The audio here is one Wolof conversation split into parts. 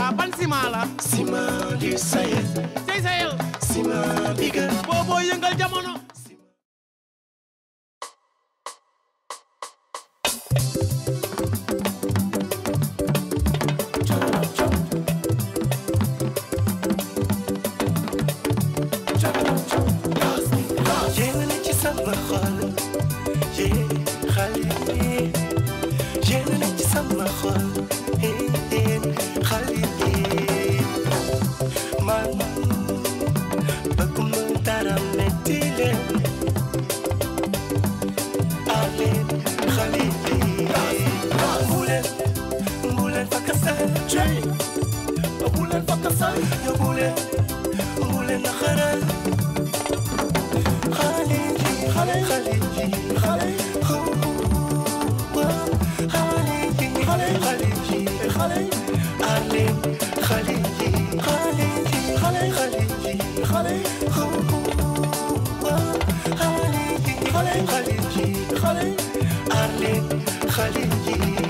waa ban ciment la. ciment du Sahel. Sahel. ciment bi gën. booboo yëngal jamono. ولا ولا الاخرى خليجي خليجي خليجي خليجي خليجي خليجي خليجي خلي خليجي خلي خليجي خلي خليجي خلي أرلين خليجي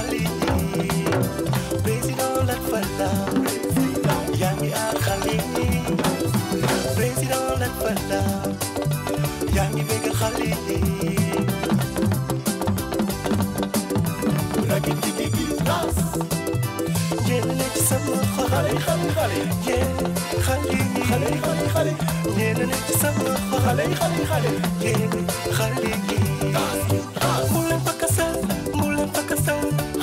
xale yi président Lat Fal la yaa ngi aar xale yi président Lat Fal la yaa ngi bégal xale yi rakin ci di gis nas jëlale ci sama xale xale xale xale xale xale xale jëlale ci sama xale xale xale xale xale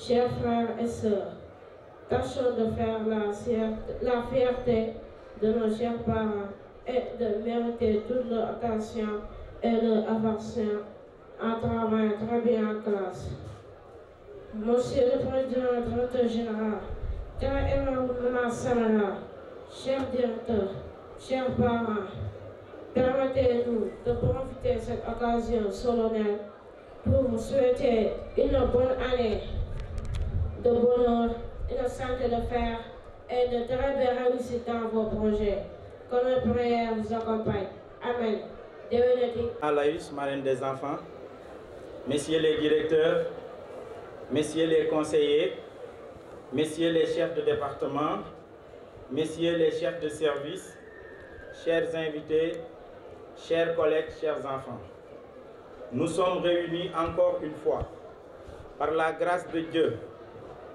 Chers frères et sœurs, tâchons de faire la fierté de nos chers parents et de mériter toute leur attention et leur affection en travaillant très bien en classe. Monsieur le Président, directeur général, très énormément salariat, chers directeurs, chers parents, permettez-nous de profiter cette occasion solennelle vous souhaiter une bonne année de bonheur, une santé de fer et de très belles réussites dans vos projets. Que nos prières vous accompagnent. Amen. Alaïs, marraine des enfants, messieurs les directeurs, messieurs les conseillers, messieurs les chefs de département, messieurs les chefs de service, chers invités, chers collègues, chers enfants. nous sommes réunis encore une fois, par la grâce de Dieu,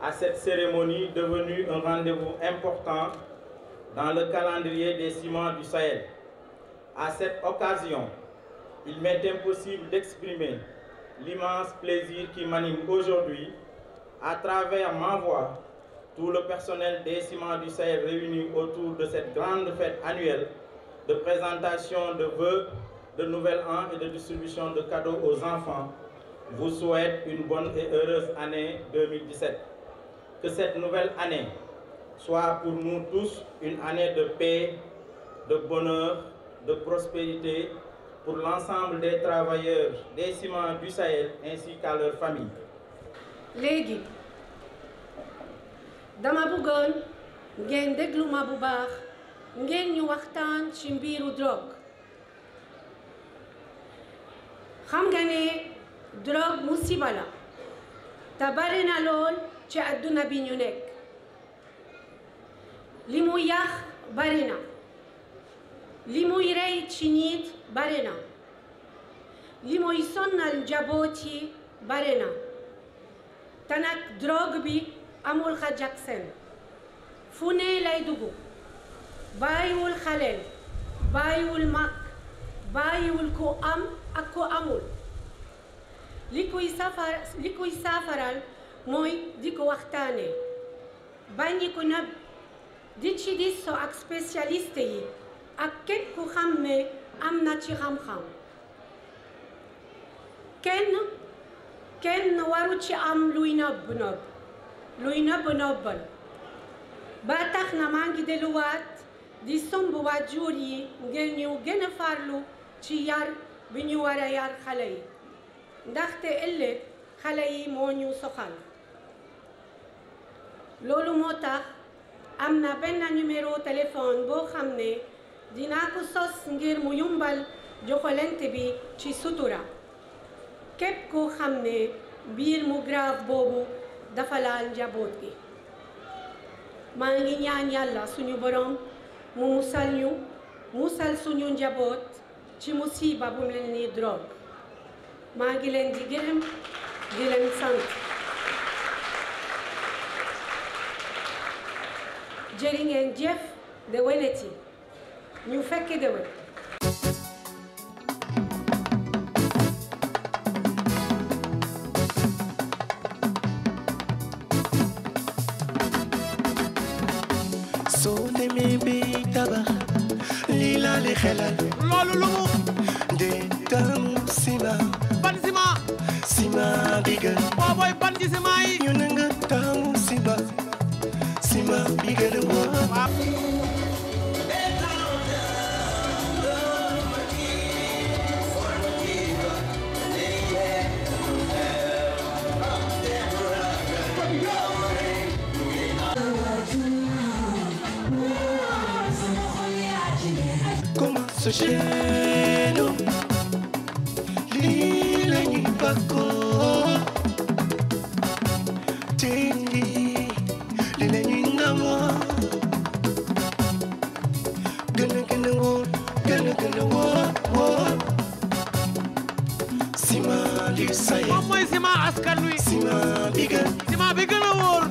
à cette cérémonie devenue un rendez-vous important dans le calendrier des ciments du Sahel. À cette occasion, il m'est impossible d'exprimer l'immense plaisir qui m'anime aujourd'hui à travers ma voix tout le personnel des ciments du Sahel réuni autour de cette grande fête annuelle de présentation de vœux de nouvel an et de distribution de cadeaux aux enfants vous souhaite une bonne et heureuse année 2017. Que cette nouvelle année soit pour nous tous une année de paix, de bonheur, de prospérité pour l'ensemble des travailleurs des ciments du Sahel ainsi qu'à leurs familles. léegi dama bëggoon ngeen déglu ma bu baax ngeen ñu waxtaan ci mbiru drogue. xam nga ne drogue musiba la te bari na lool ci adduna bi ñu nekk li mu yàq bari na li muy rey ci nit bari na li muy sonnal njaboot yi bari na te nag drogue bi amul xaj ak seen fu ne lay dugg bàyyiwul xaleel bàyyiwul ku am ak ku amul li kuy safar li kuy saafaral mooy di ko waxtaane bàññi ko nag di ci diisoo ak spécialiste yi ak képp ku xam ne am na ci xam-xam kenn kenn waru ci am luy nëbb nëbb luy nëbb nëbbal ba tax na maa ngi delluwaat di somb waajur yi ngeen ñu gën a farlu ci yar bi ñu war a yar xale yi ndaxte ëllëg xale yi moo ñu soxal loolu moo tax am na benn numéro téléphone boo xam ne dina ko sos ngir mu yombal joxolante bi ci sutura képp koo xam ne biir mu grave boobu dafalaal laal njaboot gi maa ngi ñaan yàlla suñu borom mu musal ñu musal suñu njaboot ci musiba bu mel nii drogue maa ngi leen di gërëm di sant jërë ngeen jëf de weneti ñu fekki de di xelal lu mu di taamu sima ban sima bi gën oh boobooy ban ci sima yi ñu ne bi gën a waaw seenu lii la ñuy bakkoo tendi lii la ñuy ngamoo gën a gën a wóor gën a gën say moom mooy sima askan wi sima bi bi gën a